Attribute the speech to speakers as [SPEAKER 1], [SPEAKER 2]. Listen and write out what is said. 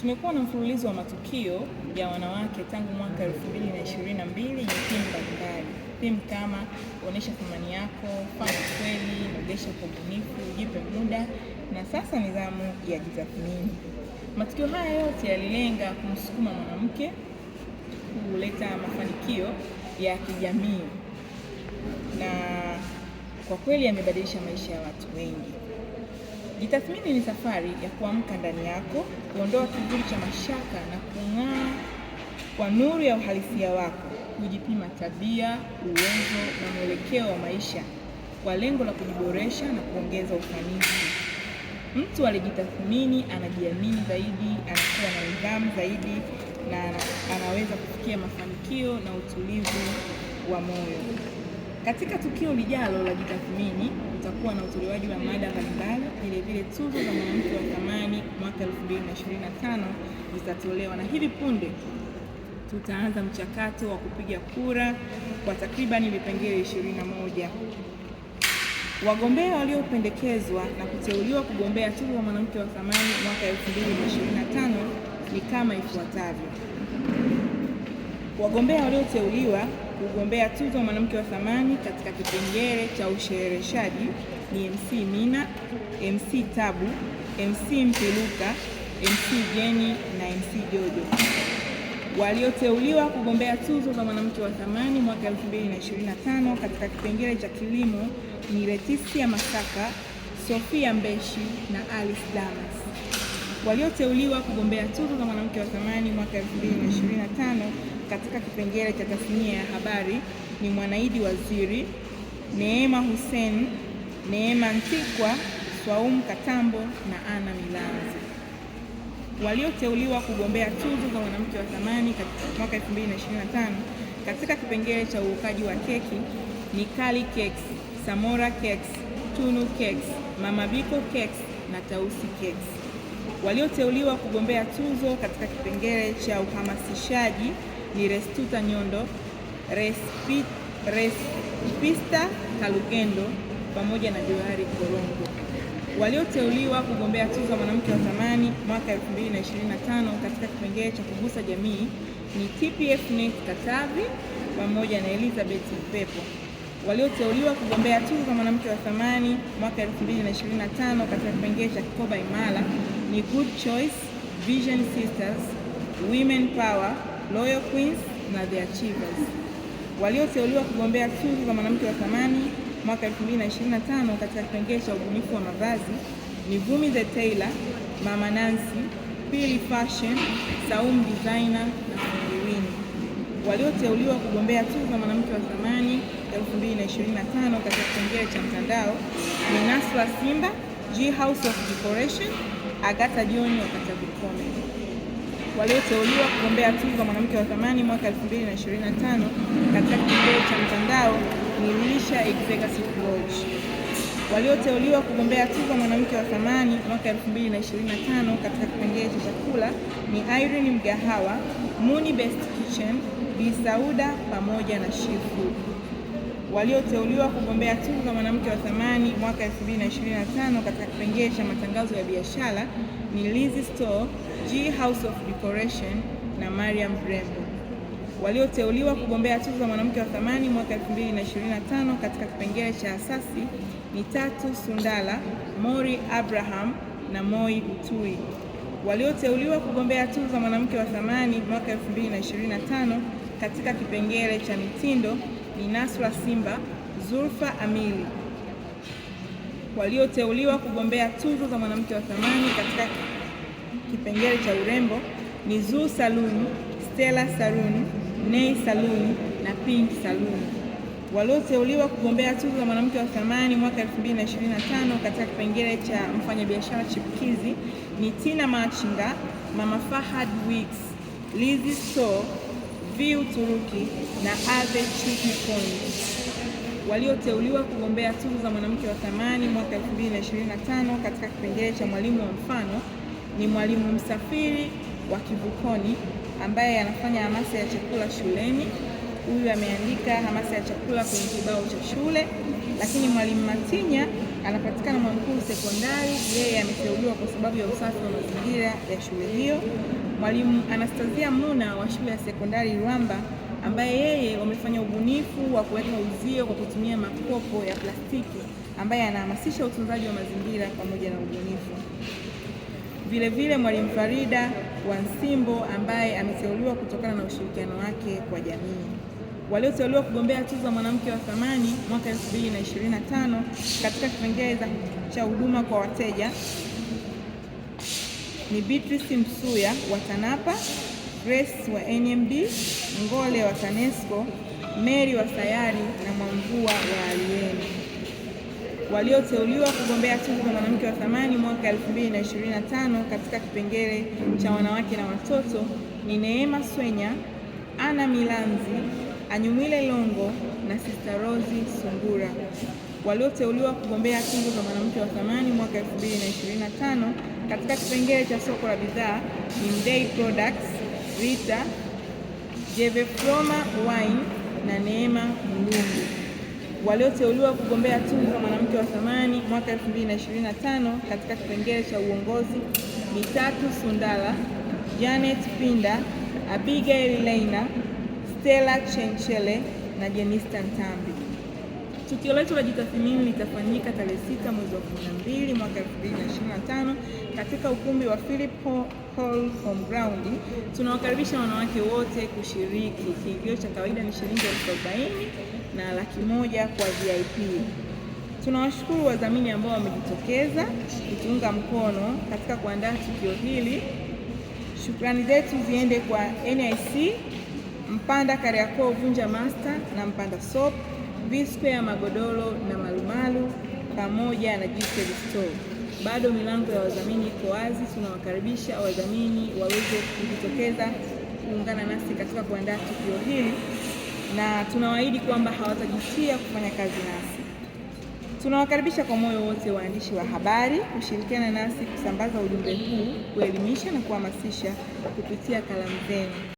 [SPEAKER 1] Tumekuwa na mfululizo wa matukio ya wanawake tangu mwaka 2022 na timu mbalimbali, timu kama onyesha thamani yako, fanya kweli, nogesha kwa ubunifu, jipe muda, na sasa zamu ya jitathmini. Matukio haya yote yalilenga kumsukuma mwanamke kuleta mafanikio ya kijamii na kwa kweli yamebadilisha maisha ya watu wengi. Jitathmini ni safari ya kuamka ndani yako, kuondoa kivuli cha mashaka na kung'aa kwa nuru ya uhalisia wako, kujipima tabia, uwezo na mwelekeo wa maisha kwa lengo la kujiboresha na kuongeza ufanisi. Mtu alijitathmini anajiamini zaidi, anakuwa na nidhamu zaidi na anaweza kufikia mafanikio na utulivu wa moyo. Katika tukio lijalo la jitathmini kubwa na utolewaji wa mada mbalimbali. Vilevile tuzo za mwanamke wa thamani mwaka 2025 zitatolewa na hivi punde tutaanza mchakato wa kupiga kura kwa takribani vipengele 21. Wagombea waliopendekezwa na kuteuliwa kugombea tuzo ya mwanamke wa thamani mwaka 2025 ni kama ifuatavyo. Wagombea walioteuliwa kugombea tuzo mwanamke wa thamani katika kipengele cha ushereheshaji ni MC Mina, MC Tabu, MC Mpiluka, MC Jeni na MC Jojo. Walioteuliwa kugombea tuzo za mwanamke wa thamani mwaka 2025 katika kipengele cha kilimo ni Letisia Masaka, Sofia Mbeshi na Alice Damas. Walioteuliwa kugombea tuzo za mwanamke wa thamani mwaka 2025 katika kipengele cha tasnia ya habari ni Mwanaidi Waziri, Neema Hussein, Neema Ntikwa, Swaumu Katambo na Ana Milanzi walioteuliwa kugombea tuzo za mwanamke wa thamani mwaka 2025 katika kipengele cha uokaji wa keki ni Kali Cakes, Samora Cakes, Tunu Cakes, Mama Biko Cakes na Tausi Cakes. Walioteuliwa kugombea tuzo katika kipengele cha uhamasishaji ni Restuta Nyondo, Respista Kalugendo pamoja na Johari Korongo. Walioteuliwa kugombea tuzo mwanamke wa zamani mwaka 2025 katika kipengele cha kugusa jamii ni TPF NEC Katavi pamoja na Elizabeth Mpepo. Walioteuliwa kugombea tuzo za mwanamke wa thamani mwaka 2025 katika kipengele cha Kikoba Imara ni Good Choice, Vision Sisters, Women Power, Loyal Queens na The Achievers walioteuliwa kugombea tuzo za mwanamke wa thamani mwaka 2025 katika kipengele cha ubunifu wa mavazi ni Vumi the Tailor, Mama Nancy, Pili Fashion, Saum Designer na Sangewini walioteuliwa kugombea tuzo za mwanamke wa thamani 2025 katika kipengele cha mtandao ni naswa Simba, G House of Decoration Agatha John wakata Bukombe walioteuliwa kugombea tuzo mwanamke wa thamani mwaka 2025 katika kipengele cha mtandao ni Lisha Executive Coach. Walioteuliwa kugombea tuzo mwanamke wa thamani mwaka 2025 katika kipengele cha chakula ni Irene Mgahawa, Muni Best Kitchen, Bi Sauda pamoja na Shifu walioteuliwa kugombea tuzo za mwanamke wa thamani mwaka 2025 katika kipengele cha matangazo ya biashara ni Lizzy Store, G House of Decoration na Mariam Brembo. Walioteuliwa kugombea tuzo za mwanamke wa thamani mwaka 2025 katika kipengele cha asasi ni Tatu Sundala, Mori Abraham na Moi Utui. Walioteuliwa kugombea tuzo za mwanamke wa thamani mwaka 2025 katika kipengele cha mitindo ni Nasra Simba, Zulfa Amili walioteuliwa kugombea tuzo za mwanamke wa thamani katika kipengele cha urembo ni zu Saluni, Stella Saluni, Nei Saluni na Pink Saluni walioteuliwa kugombea tuzo za mwanamke wa thamani mwaka 2025 katika kipengele cha mfanyabiashara chipukizi ni Tina Machinga, Mama Fahad Weeks, Lizzy So TV Uturuki na Ave Chupi Point walioteuliwa kugombea tuzo za mwanamke wa thamani mwaka 2025 katika kipengele cha mwalimu wa mfano ni mwalimu msafiri wa Kivukoni ambaye anafanya hamasa ya chakula shuleni. Huyu ameandika hamasa ya chakula kwenye kibao cha shule. Lakini mwalimu Matinya anapatikana Mwamkuru Sekondari, yeye ameteuliwa kwa sababu ya usafi wa mazingira ya shule hiyo. Mwalimu Anastasia muna wa shule ya sekondari Ruamba ambaye yeye wamefanya ubunifu wa kuweka uzio kwa kutumia makopo ya plastiki ambaye anahamasisha utunzaji wa mazingira pamoja na ubunifu. Vilevile mwalimu Farida wa nsimbo ambaye ameteuliwa kutokana na ushirikiano wake kwa jamii. Walioteuliwa kugombea tuzo ya mwanamke wa thamani mwaka 2025 katika kipengele cha huduma kwa wateja ni Beatrice Msuya wa TANAPA, Grace wa NMB, Ngole wa TANESCO, Mary wa Sayari na Mwamvua wa Alieni walioteuliwa kugombea tuzo za mwanamke wa thamani mwaka 2025 katika kipengele cha wanawake na watoto ni Neema Swenya, Ana Milanzi, Anyumwile Longo na Sister Rosie Sungura walioteuliwa kugombea tuzo za mwanamke wa thamani mwaka 2025 katika kipengele cha soko la bidhaa ni Mdei Products, Rita, Jevefroma Wine na Neema Mlungu walioteuliwa kugombea tuzo za mwanamke wa thamani mwaka 2025 katika kipengele cha uongozi ni Tatu Sundala, Janet Pinda, Abigail Leina, Stella Chenchele na Jenista Ntambi. Tukio letu la jitathmini litafanyika tarehe sita mwezi wa 12 mwaka 2025 katika ukumbi wa Philip Hall ground Tunawakaribisha wanawake wote kushiriki. Kiingilio cha kawaida ni shilingi elfu arobaini na laki moja kwa VIP. Tunawashukuru wadhamini ambao wamejitokeza kutuunga mkono katika kuandaa tukio hili. Shukrani zetu ziende kwa NIC, Mpanda Kariakoo Vunja Master na Mpanda Soap ya magodoro na marumaru pamoja na jikeli store. Bado milango ya wadhamini iko wazi, tunawakaribisha wadhamini waweze kujitokeza kuungana nasi katika kuandaa tukio hili, na tunawaahidi kwamba hawatajutia kufanya kazi nasi. Tunawakaribisha kwa moyo wote waandishi wa habari kushirikiana nasi kusambaza ujumbe huu, kuelimisha na kuhamasisha kupitia kalamu zenu.